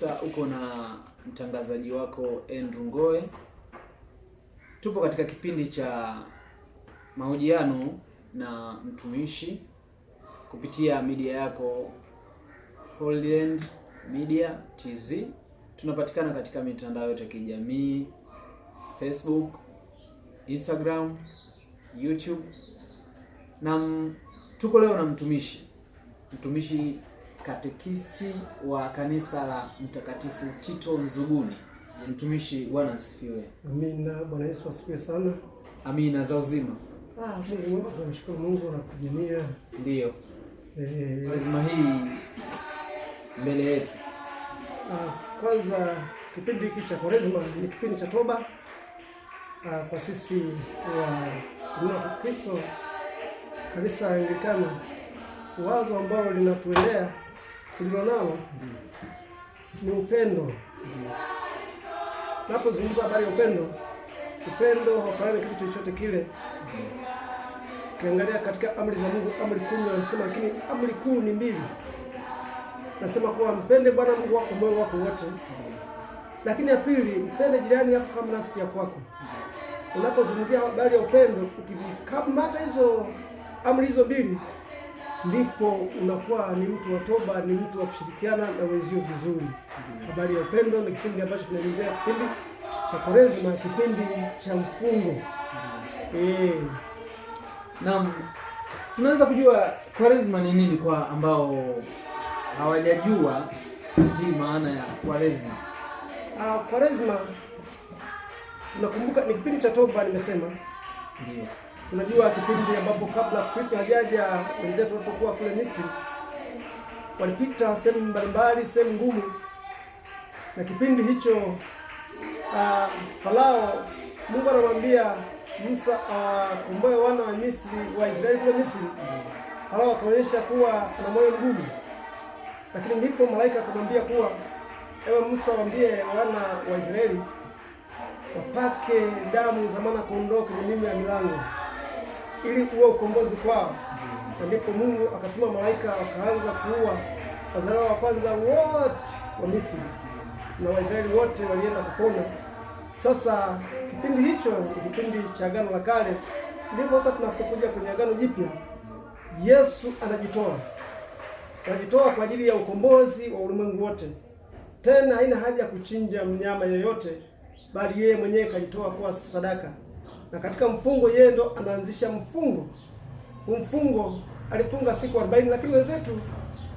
sasa uko na mtangazaji wako Andrew Ngoe. Tupo katika kipindi cha mahojiano na mtumishi kupitia media yako Holyland Media TZ. Tunapatikana katika mitandao yote ya kijamii Facebook, Instagram, YouTube na tuko leo na mtumishi mtumishi katekisti wa kanisa la Mtakatifu Tito Nzuguni. Mtumishi, Bwana asifiwe. Amina. Bwana Yesu asifiwe sana. Amina za uzima. Ah, tunamshukuru Mungu na kujinia ndio eh. azima hii mbele yetu. Ah, kwanza kipindi hiki cha Kwaresma ni kipindi cha toba ah, kwa sisi wa Kristo kanisa Anglikana, wazo ambao linatuelea tulio nao ni upendo. Napozungumza habari ya upendo, upendo hafanani kitu chochote kile. Ukiangalia katika amri za Mungu, amri kumi anasema, lakini amri kuu ni mbili, nasema kuwa mpende Bwana Mungu wako moyo wako wote, lakini ya pili mpende jirani yako kama nafsi ya kwako. Unapozungumzia habari ya upendo, ukivikamata hizo amri hizo mbili ndipo unakuwa ni mtu wa toba, ni mtu wa kushirikiana na wenzio vizuri. Habari ya Upendo ni kipindi ambacho tunaelezea kipindi cha Kwaresima, kipindi cha mfungo eh. Naam, tunaweza kujua Kwaresima ni nini kwa ambao hawajajua hii maana ya Kwaresima. Ah, Kwaresima tunakumbuka ni kipindi cha toba, nimesema ndio Tunajua kipindi ambapo kabla Kristo hajaja wenzetu walipokuwa kule Misri walipita sehemu mbalimbali, sehemu ngumu, na kipindi hicho uh, Farao Mungu anamwambia Musa awakomboe ah, uh, wana wa Misri wa Israeli kule Misri. Farao akaonyesha kuwa ana moyo mgumu, lakini ndipo malaika akamwambia kuwa ewe Musa, waambie wana wa Israeli wapake damu za mwana kondoo kwenye ya milango ili kuwa ukombozi kwao. Ndipo Mungu akatuma malaika wakaanza kuua wazaliwa wa kwanza wote wa Misri na Waisraeli wote walienda kupona. Sasa kipindi hicho ni kipindi cha Agano la Kale. Ndipo sasa tunapokuja kwenye Agano Jipya, Yesu anajitoa, anajitoa kwa ajili ya ukombozi wa ulimwengu wote. Tena haina haja ya kuchinja mnyama yoyote, bali yeye mwenyewe kajitoa kuwa sadaka na katika mfungo yeye ndo anaanzisha mfungo. Mfungo alifunga siku 40, lakini wenzetu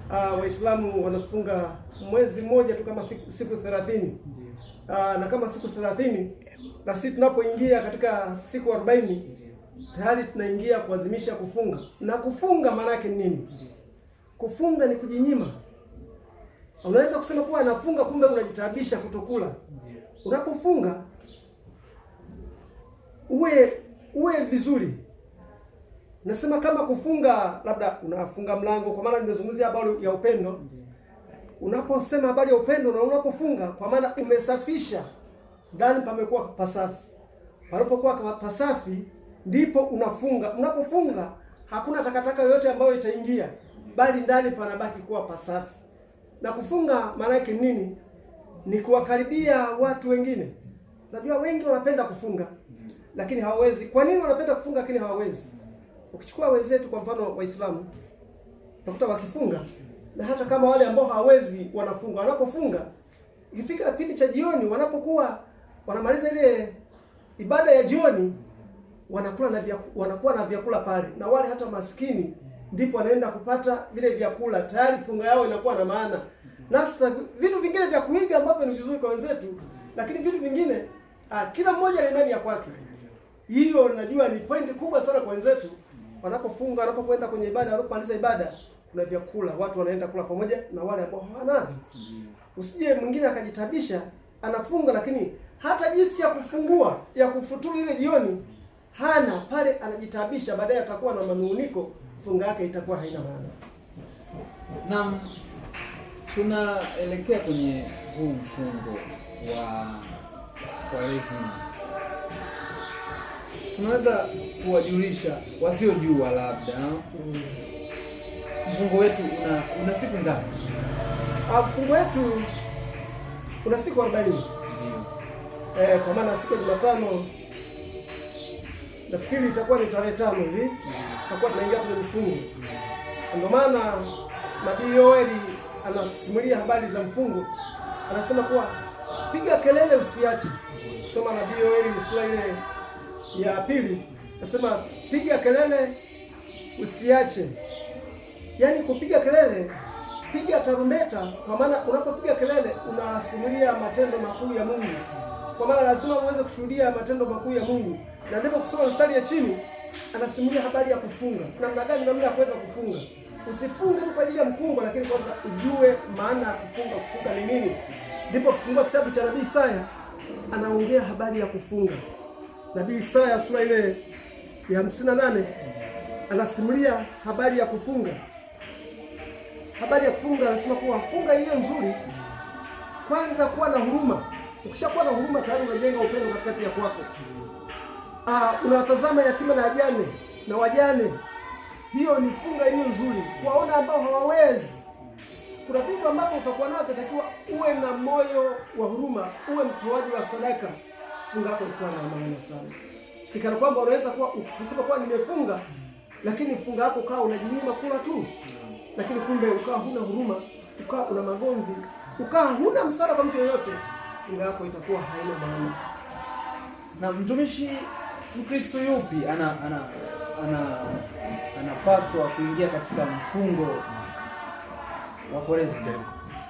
uh, Waislamu wanafunga mwezi mmoja tu kama siku 30. Uh, ah, na kama siku 30, na sisi tunapoingia katika siku 40 tayari tunaingia kuazimisha kufunga. Na kufunga maana yake nini? Kufunga ni kujinyima. Unaweza kusema kuwa anafunga, kumbe unajitabisha kutokula. Unapofunga uwe uwe vizuri. Nasema kama kufunga, labda unafunga mlango, kwa maana nimezungumzia habari ya upendo. Unaposema habari ya upendo na unapofunga, kwa maana umesafisha, ndani pamekuwa pasafi. Panapokuwa pasafi, ndipo unafunga. Unapofunga hakuna takataka yoyote ambayo itaingia, bali ndani panabaki kuwa pasafi. Na kufunga maana yake nini? Ni kuwakaribia watu wengine. Najua wengi wanapenda kufunga lakini hawawezi. Kwa nini wanapenda kufunga lakini hawawezi? Ukichukua wenzetu kwa mfano Waislamu, utakuta wakifunga na hata kama wale ambao hawawezi wanafunga, wanapofunga ikifika kipindi cha jioni, wanapokuwa wanamaliza ile ibada ya jioni, wanakula na vyakula, wanakuwa na vyakula pale, na wale hata maskini ndipo wanaenda kupata vile vyakula, tayari funga yao inakuwa na maana. Nasta, vitu vingine vya kuiga ambavyo ni vizuri kwa wenzetu, lakini vitu vingine ah, kila mmoja ana imani ya kwake hiyo najua ni point kubwa sana kwa wenzetu wanapofunga, wanapokwenda kwenye ibada, wanapomaliza ibada kuna vyakula watu wanaenda kula pamoja na wale ambao hawana. Mm-hmm. Usije mwingine akajitabisha anafunga, lakini hata jinsi ya kufungua ya kufuturu ile jioni hana pale, anajitabisha, baadaye atakuwa na manuniko, funga yake itakuwa haina maana. Naam, tunaelekea kwenye huu mfungo wa Kwaresima tunaweza kuwajulisha wasiojua labda mm, Mfungo wetu una una siku ngapi? Ah, mfungo wetu una siku arobaini E, kwa maana siku ya Jumatano nafikiri itakuwa ni tarehe tano hivi mm. tutakuwa tunaingia kwenye mfungo. Mm. Ndio maana Nabii Yoeli anasimulia habari za mfungo, anasema kuwa piga kelele, usiache soma Nabii Yoeli sura ile ya pili nasema piga kelele, usiache. Yaani kupiga kelele, piga tarumbeta, kwa maana unapopiga kelele unasimulia matendo makuu ya Mungu, kwa maana lazima uweze kushuhudia matendo makuu ya Mungu. Na ndipo kusoma mstari ya chini anasimulia habari ya kufunga, namna gani, namna ya kuweza kufunga. Usifunge tu kwa ajili ya mkungwa, lakini kwanza ujue maana ya kufunga. Kufunga ni nini? Ndipo kufungua kitabu cha nabii Isaya anaongea habari ya kufunga. Nabii Isaya sura ile ya hamsini na nane anasimulia habari ya kufunga, habari ya kufunga. Anasema kuwa funga iliyo nzuri, kwanza kuwa na huruma. Ukishakuwa na huruma, tayari unajenga upendo katikati ya kwako. Ah, unawatazama yatima na wajane na wajane. Hiyo ni funga iliyo nzuri, kuwaona ambao hawawezi kuna vitu ambavyo utakuwa navyo, takiwa uwe na moyo wa huruma, uwe mtoaji wa sadaka funga yako ilikuwa na maana sana, sikana kwamba unaweza kuwa usipokuwa nimefunga, lakini funga yako ukawa unajinyima kula tu, lakini kumbe ukawa huna huruma, ukawa una magomvi, ukawa huna msaada kwa mtu yeyote, funga yako itakuwa haina maana. Na mtumishi Mkristo yupi ana ana ana anapaswa kuingia katika mfungo wa Kwaresma?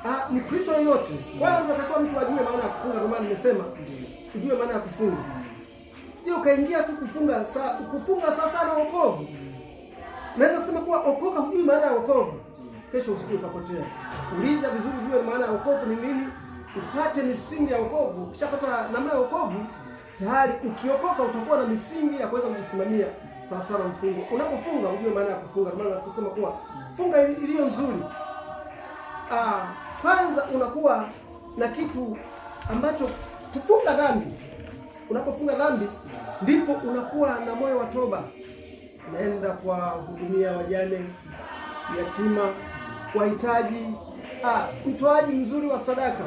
Ah, ni Kristo yote. Kwanza atakuwa mtu ajue maana ya kufunga, kwa maana nimesema ujue maana ya kufunga. Sio ukaingia tu kufunga saa kufunga saa sana wokovu. Naweza kusema kuwa okoka hujui maana ya wokovu. Kesho usije ukapotea. Uliza vizuri ujue maana ya wokovu ni nini? Upate misingi ya wokovu. Ukishapata namna ya wokovu, tayari ukiokoka utakuwa na misingi ya kuweza kujisimamia sawa sawa mfungo. Unapofunga ujue maana ya kufunga, maana kusema kuwa funga iliyo nzuri. Ah, kwanza unakuwa na kitu ambacho kufunga dhambi. Unapofunga dhambi, ndipo unakuwa na moyo wa toba, unaenda kwa hudumia wajane, yatima, wahitaji, ah, mtoaji mzuri wa sadaka.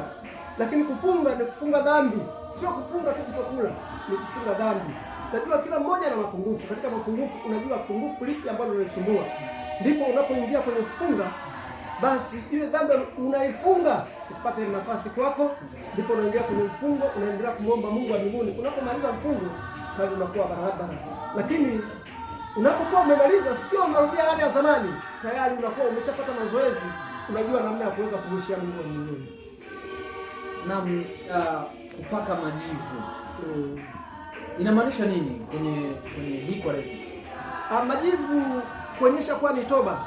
Lakini kufunga ni kufunga dhambi, sio kufunga tu kutokula, ni kufunga dhambi. Najua kila mmoja na mapungufu. Katika mapungufu, unajua pungufu lipi ambalo linasumbua, ndipo unapoingia kwenye kufunga basi ile dhambi unaifunga usipate nafasi kwako, ndipo unaingia kwenye mfungo, unaendelea kumwomba Mungu wa mbinguni. Unapomaliza mfungo kali unakuwa barabara, lakini unapokuwa umemaliza, sio unarudia hali ya zamani, tayari unakuwa umeshapata mazoezi, unajua namna ya kuweza kumwishia Mungu wa mbinguni. Naam, uh, kupaka majivu mm. inamaanisha nini kwenye kwenye hii Kwaresma? Uh, majivu kuonyesha kuwa ni toba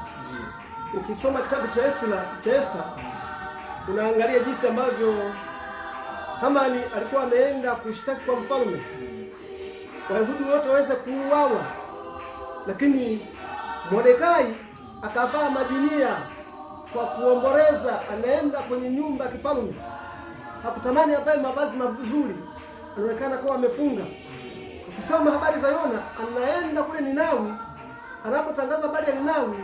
ukisoma kitabu cha Esta unaangalia jinsi ambavyo Hamani alikuwa ameenda kushtaki kwa mfalme, Wayahudi wote waweze kuuawa, lakini Mordekai akavaa majinia kwa kuomboleza, anaenda kwenye nyumba ya kifalme. Hakutamani avae mavazi mazuri, anaonekana kuwa amefunga. Ukisoma habari za Yona, anaenda kule Ninawi, anapotangaza habari ya Ninawi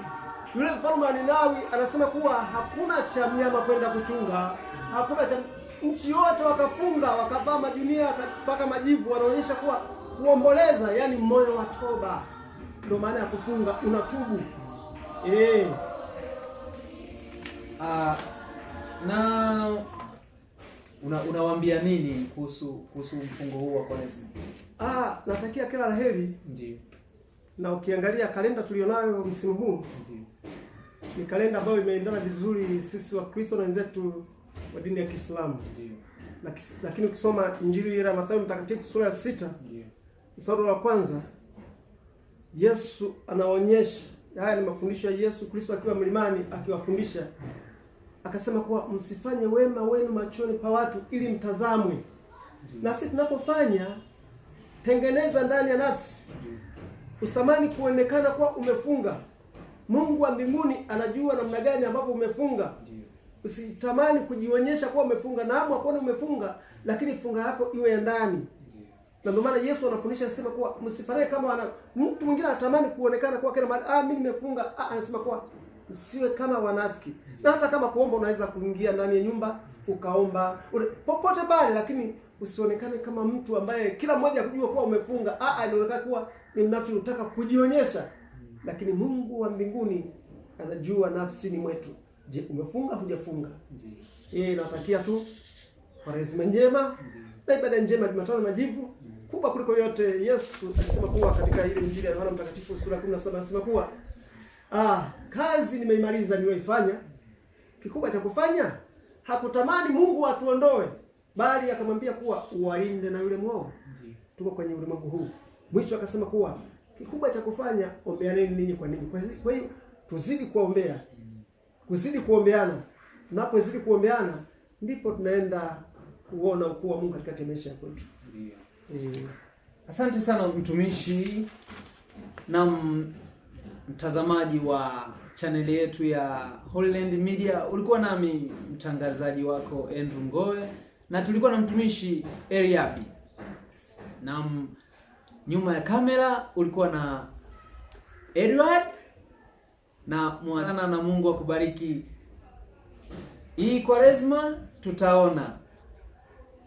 yule mfalme wa Ninawi anasema kuwa hakuna cha mnyama kwenda kuchunga, hakuna cha nchi yote wakafunga, wakavaa magunia mpaka majivu, wanaonyesha kuwa kuomboleza, yani moyo wa toba. Ndio maana ya kufunga, unatubu eh. Uh, na una, nini kuhusu kuhusu mfungo huu wa Kwaresima? Ah, natakia kila laheri. Ndio na ukiangalia kalenda tulionayo msimu huu ni kalenda ambayo imeendana vizuri sisi Wakristo na wenzetu wa dini ya Kiislamu. Lakini, ukisoma Injili ya Mathayo Mtakatifu sura ya sita mstari wa kwanza Yesu anaonyesha haya ni mafundisho ya Yesu Kristo akiwa mlimani akiwafundisha, akasema kuwa msifanye wema wenu machoni pa watu ili mtazamwe. Na sisi tunapofanya tengeneza ndani ya nafsi usitamani kuonekana kuwa umefunga. Mungu wa mbinguni anajua namna gani ambapo umefunga. Usitamani kujionyesha kuwa umefunga, naamua kuona umefunga, lakini funga yako iwe ya ndani. Na ndio maana Yesu anafundisha anasema kuwa msifanye kama wana, mtu mwingine anatamani kuonekana kuwa kile ah, mimi nimefunga. Ah, anasema kuwa msiwe kama wanafiki. Na hata kama kuomba, unaweza kuingia ndani ya nyumba ukaomba popote pale, lakini usionekane kama mtu ambaye kila mmoja akijua kuwa umefunga. Ah, inaonekana kuwa ni nafsi hutaka kujionyesha, lakini Mungu wa mbinguni anajua nafsi ni mwetu. Je, umefunga hujafunga? Yeye inatakia tu Kwaresima njema na ibada njema, Jumatano majivu kubwa kuliko yote. Yesu alisema kuwa katika ile Injili ya Yohana Mtakatifu sura 17 anasema kuwa ah, kazi nimeimaliza niliyoifanya, kikubwa cha kufanya. Hakutamani Mungu atuondoe, bali akamwambia kuwa uwalinde na yule mwovu. Tuko kwenye ulimwengu huu Mwisho akasema kuwa kikubwa cha kufanya ombeaneni ninyi kwa ninyi. Kwa hiyo tuzidi kuombea, kuzidi kuombeana. Tunapozidi kuombeana, ndipo tunaenda kuona ukuu wa Mungu katikati ya maisha yetu. E, eh, asante sana mtumishi na mtazamaji wa chaneli yetu ya Holyland Media. Ulikuwa nami mtangazaji wako Andrew Ngowe na tulikuwa na mtumishi Eliabi Naam nyuma ya kamera ulikuwa na Edward na mwanana, na Mungu akubariki. Hii Kwaresma tutaona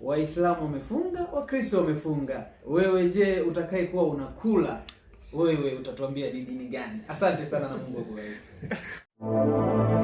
Waislamu wamefunga, Wakristo wamefunga. Wewe je, utakaye kuwa unakula wewe, utatuambia ni dini gani? Asante sana na Mungu akubariki.